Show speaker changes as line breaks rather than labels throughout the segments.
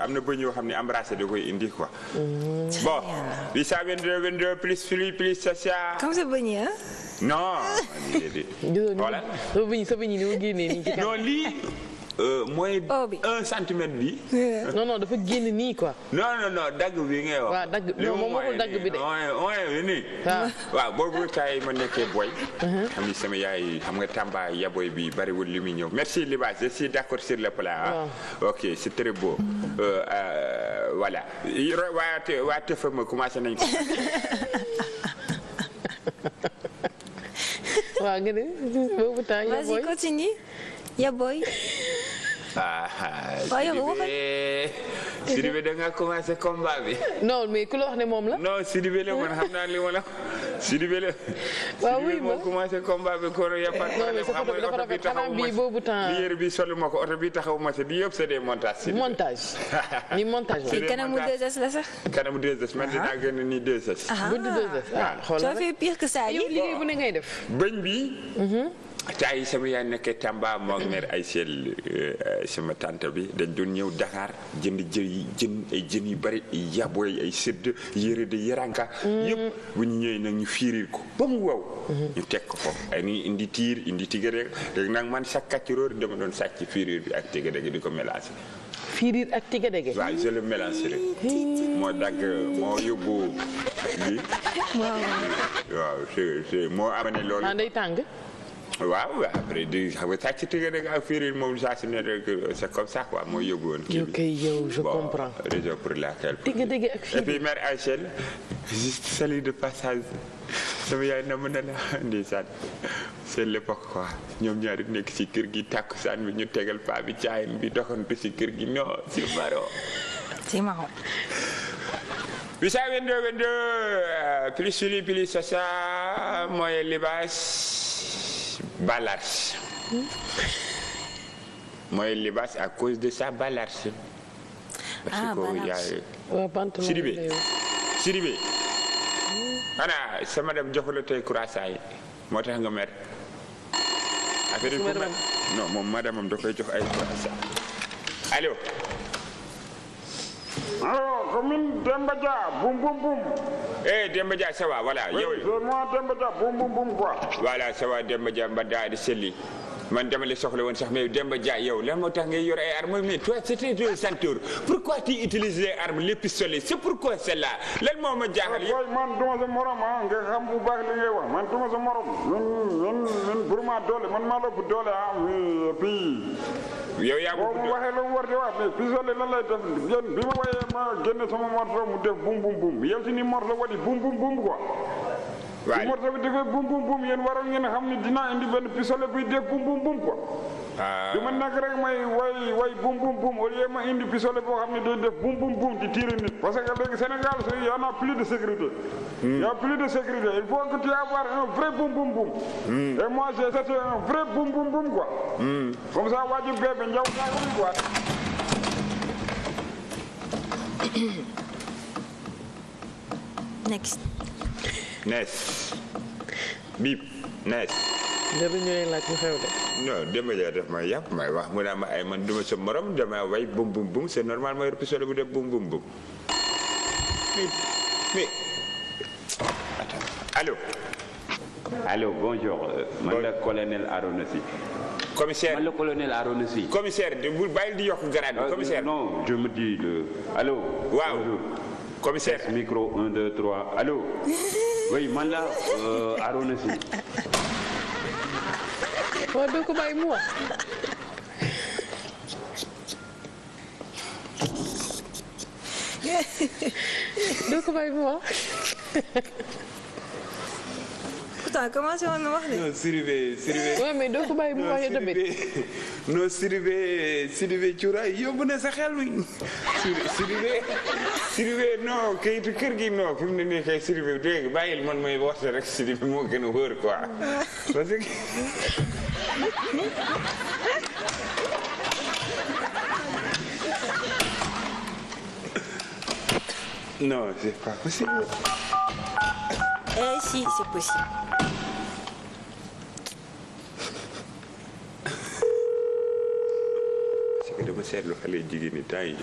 am na bëñ yoo xam ne embrasser da koy indi quoi. Mm. bon li saa benn deux benn deux plus plus plus ça sa bëñ yi ni mu lii. Euh, mooy. un centimètre bi. non non dafa génn nii quoi. non non dagg bi ngay wax. waaw dagg non moom waxul dagg bi de. nii waaw boobu taay ma nekkee boy. Uh-huh. xam ni sama yaay xam nga Tamba yaboy bi bariwul li muy ñëw merci Libaas je suis d'accord sur le ok c'est très beau. Euh, euh, voilà waa te waa TFM commencé nañ ko. waaw nga ne boobu taay yaboy waaw yow waxal Sidibé da nga commencé combat bi. non mais ku la wax ne moom la. non Sidibé la man xam naa li ma la Sidibé la. waaw wuy ma Sidibé moo commencé combat bi kóor yi apart. non mais sa photo bi dafa rafet xanaa bii boobu temps. di bi solu ma ko taxawu ma si di yëpp c'est des montages. montage ni montage la. sax. kanamu 2S man dinaa ah. gën ni 2S. Ah. ah ah ah soo fi pire que ça. liggéey bu ne ngay def. bëñ bi. Mhm. ca ay sama yaay nekkee Tamba moo ak mère Aysel euh, bi dañ doon ñëw Dakar jënd jën yi jën yu bari yabooy ay sëdd yére de yaranka yëpp mm. bu ñu ñëwee nag ñu fiirir ko ba mu wow mm-hmm. ñu teg ko foofu ay ni indi tiir indi tigga rek léegi nag man sa kaccuróor dama doon sàcc fiirir bi ak tigga dëgg di ko mélangé fiirir ak tigga dëgg waaw je le mélangé rek moo dagg moo yóbbu waaw c'est moo amane loolu ah, day tàng waaw après di xam nga sàcc tëgg rek ak féeréer moom saa si ne rek comme ça quoi moo yóbbu woon. kii bi yow je comprends. raison pour laquelle. tëgg dëgg ak féeréer et puis de passage sama yaay na mu ne la ndeysaan c'est l'époque ñoom ñaari nekk si kër gi tàkkusaan bi ñu tegal paa bi caayin bi doxantu si kër gi non si maro si maro bisa wendo wendo plus suli plus sasa mooy libaas balars mooy libaas à cause de sa balars parce ah, que yaa siribe siribe xanaa sama dem joxula tey croissant yi moo tax nga mer affaire yi non moom madamam da koy jox ay croissant allo Alors, commune Dembadia, boum boum boum. Eh, hey, Dembadia, ça va, voilà. Oui, c'est moi Dembadia, boum boum boum quoi. man dama la woon sax mais Demba yow lan moo tax ngay yor ay armes mais toi c'était deux centaures pourquoi tu utilises les armes les pistolets c'est pourquoi c'est là lan moo ma jaaxal ah, yow man duma sa morom ah nga xam baax li ngay wax man duma sa morom ñun ñun pour ma doole man maa la ëpp doole ah puis yow yaa ko mu la mu war di wax mais pistolet lan lay def yéen bi ma wayee ma génne sama morceau mu def bum bum bum yow ci ni morceau wadi bum bum bum quoi. waaye morceau bi defee bum bum bum yéen waroon ngeen xam ni dina indi benn pistolet buy def bum bum bum quoi. li ma nekk rek may way way bum bum bum au lieu indi pistolet boo xam ne day def bum bum bum di tiire nit parce que léegi Sénégal su y en plus de sécurité hmm. y a plus de sécurité il faut que tu avoir un vrai bum bum bum hmm. et moi j'ai cherché un vrai bum bum bum quoi hmm. comme ça waajib gay be njaw saa ko quoi next next bip next njëriñ ñooy laaj mu xew de. non def may yàpp may wax mu naa ma ay man duma sa morom dama way bum bum bum c'est normal ma yor bu def bum bum bum. mais mais. bonjour. Euh, man la colonel Aronasi. commissaire man la colonel Aronasi. commissaire de bu bàyyi di yokk grade bi euh, commissaire. non je le allo. waaw commissaire micro 1 2 man la euh, Aronasi. waaw doo ko bàyyi mu wax. doo ko bàyyi mu wax. pourtant commencé woon na wax de. non Sidibé Sidibé. waaw mais doo ko bàyyi mu wax tamit. non Sidibé Sidibé cuuraay yóbbu na sa xel mi. Sidibé Sidibé kër gi non fi mu ne nii kay Sidibé dégg man may waxte rek Sidibé moo gën a wóor quoi Non, c'est pas possible. Eh si, c'est possible. c'est que dama seetlu xale jigéen ñi temps yi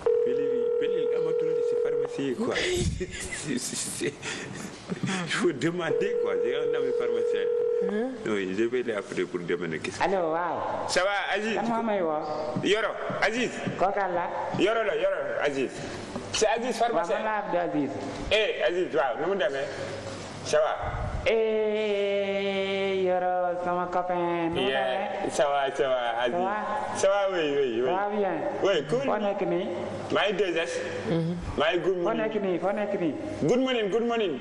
pilule yi pilule amatul ci pharmacie yi quoi. Il faut demander quoi, j'ai un ami pharmacien. oui je pour demander Aziz. kan moo may Yoro la. Yoro la Aziz. c'est Aziz pharmacien waaw man laa Abdou Aziz. eh Aziz waaw nu mu demee ça eh, Yoro sama copain. nu mu demee. ça va ça va Aziz. ça mhm. good morning good morning.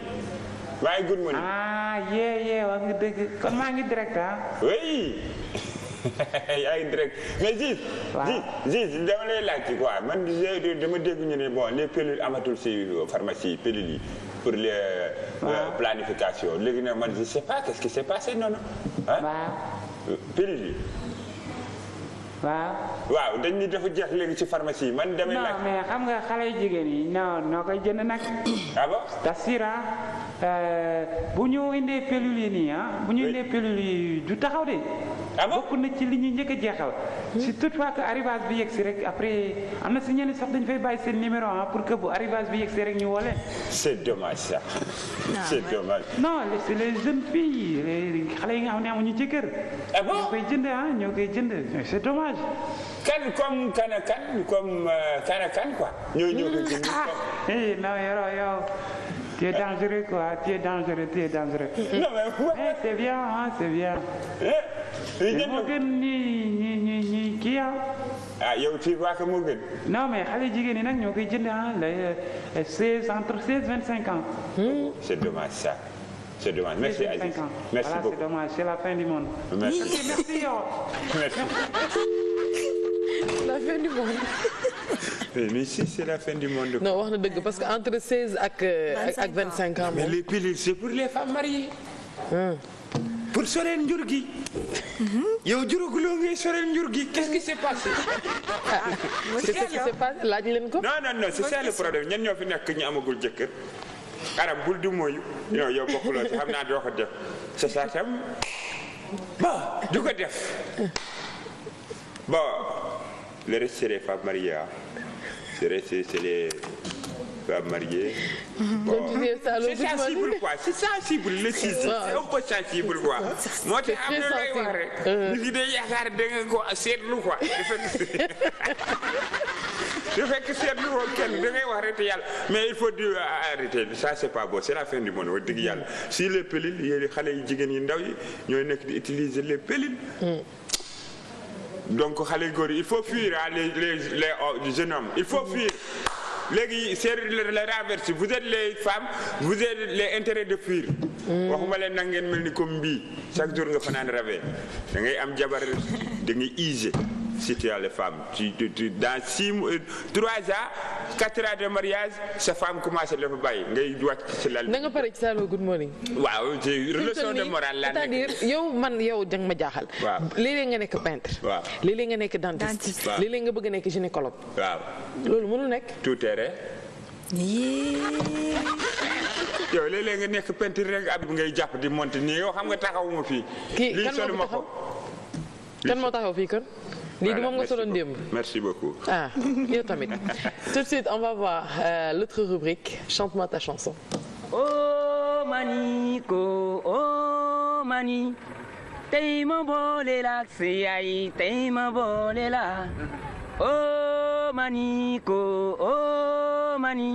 waaye good morning. ah yee yee kon maa ngi direct ah. oui. yaa ngi direct mais Ziz. waaw Ziz dama lay laaj ci quoi man dama dégg ñu ne bon les pilules amatul si euh, pharmacie pilules yi pour les. Euh, planification léegi nag man je sais pas qu'est-ce qui s'est passé noonu. ah pilules yi. waaw. waaw dañ ni dafa jeex léegi ci pharmacie yi man. demee nag mais xam nga xale yu jigéen yi non ñoo koy jënd nag. ah bon parce euh, que bu ñu indee pilule yi nii ah. bu ñu indee pilule yi du taxaw de. Ah bokk na ci li ñuy njëkk a jeexal hmm? si toutefois que arrivage bi yegg si rek après am na si ñenn sax dañu fay bàyyi seen numéro ah pour que bu arrivage bi yegg si rek ñu woo leen c'est dommage ça ah, c'est dommage non c'est les jeunes filles xale yi nga xam ne amuñu jëkkër ah bon ñoo koy jënd ah ñoo koy jënd c'est dommage kan comme kan kan comme euh, kan kan quoi ñoo ñoo koy jënd ah eh, non Tu es dangereux, quoi. Tu es dangereux, tu es dangereux. Non, mais hey, eh, c'est bien, hein, c'est bien. Eh, yow tu vois que moo gën. non mais xale jigéen ñi nag ñoo koy jënd ah les seize entre seize vingt cinq ans. Hmm. c'est dommage ça. C'est dommage. Merci Aziz. Merci la fin du monde. Merci. La fin du monde. fait mais si c'est la fin du monde. non wax na dëgg parce que entre seize ak euh, ak vingt cinq ans. mais les pilules c'est pour les femmes mariées. pour soreen njur gi. Mhm. yow juraguloo ngay soreen njur gi qu'est-ce qui s'est passé. Ah, c'est ce qui s'est passé laaj leen ko. non non non c'est ça le problème ñenn ñoo fi nekk ñu amagul jëkkër. aram bul du mooyu non yow bokkuloo ci xam naa doo ko def c'est ça tam bon du ko def bon le reste c'est les femmes mariées c'est resté, c'est les femmes mariées. Mhm. Bon. C'est sensible quoi, c'est sensible le six. C'est un peu sensible moo tax am na looy wax rek. nit ñi day yaakaar da ko seetlu quoi. su fekkee seetlu woo kenn da wax rek yàlla mais il faut dire ah, arrêter ça c'est pas bon c'est la fin du monde wax dëgg yàlla si les pellules yéen xale yu jigéen yi ndaw yi ñooy nekk di utiliser les pellules. Mm. donc xale góor yi il faut fuir ah les les oh, les jeunes hommes il faut fuir léegi c'est le renversé vous de les femme vous de les intérêts de fuir. Hmm. waxuma leen nag ngeen mel ni comme mbii chaque jour nga fanaan rabee da ngay am jabar da ngay situant les femmes. Tu, tu, tu, dans six trois ans quatre ans de mariage sa femme commencé dafa bàyyi ngay wàcc ci lal. na nga pare ci Saalum good morning. waaw relation de morale laa nekk. c'est-à-dire nga nekk peintre. waaw léeg-léeg nga nekk dentiste. waaw léeg nga bëgg a nekk gynécologue. waaw loolu mënul nekk. tout terrain. yow léeg-léeg nga nekk peinture rek ab ngay jàpp di monte nii yow xam nga taxawuma fii. kii kan moo fi taxaw fii kër. lii di moom nga soloon démb merci beaucoup ah yow tamit tout de suite on va voir euh, l'autre rubrique chante-moi ta chanson oh maniko oh mani tey ma boole la si ay tey ma boole maniko oh, oh ay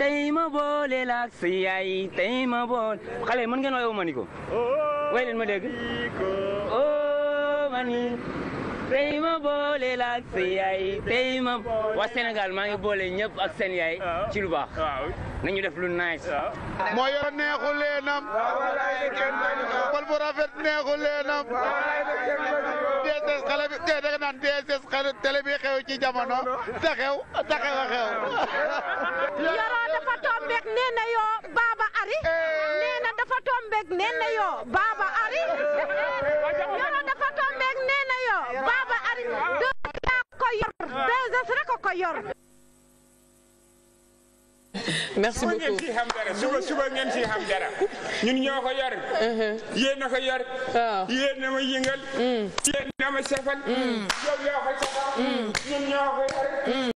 tey ma boole xale mën ngeen waay oh maniko oh, tey ma boole la ak sa ma waa Sénégal maa ngi boole ñëpp ak seen yaay ci lu baax nañu def lu nice moo yor neexu leenam bal yoroo dafa tombeek Ari eh. nee na dafa tombeek nee yoo Baba Ari ko yor. merci beaucoup ngeen ciy xam dara suba suba ngeen ciy xam dara ñun ñoo ko yor. Mm-hmm. yéen a ko yor. waaw ah. yéen a ma yëngal. Mm. yéen a ma safal. Mm. yow yaa ko safal. Mm. ñun ñoo ko yor.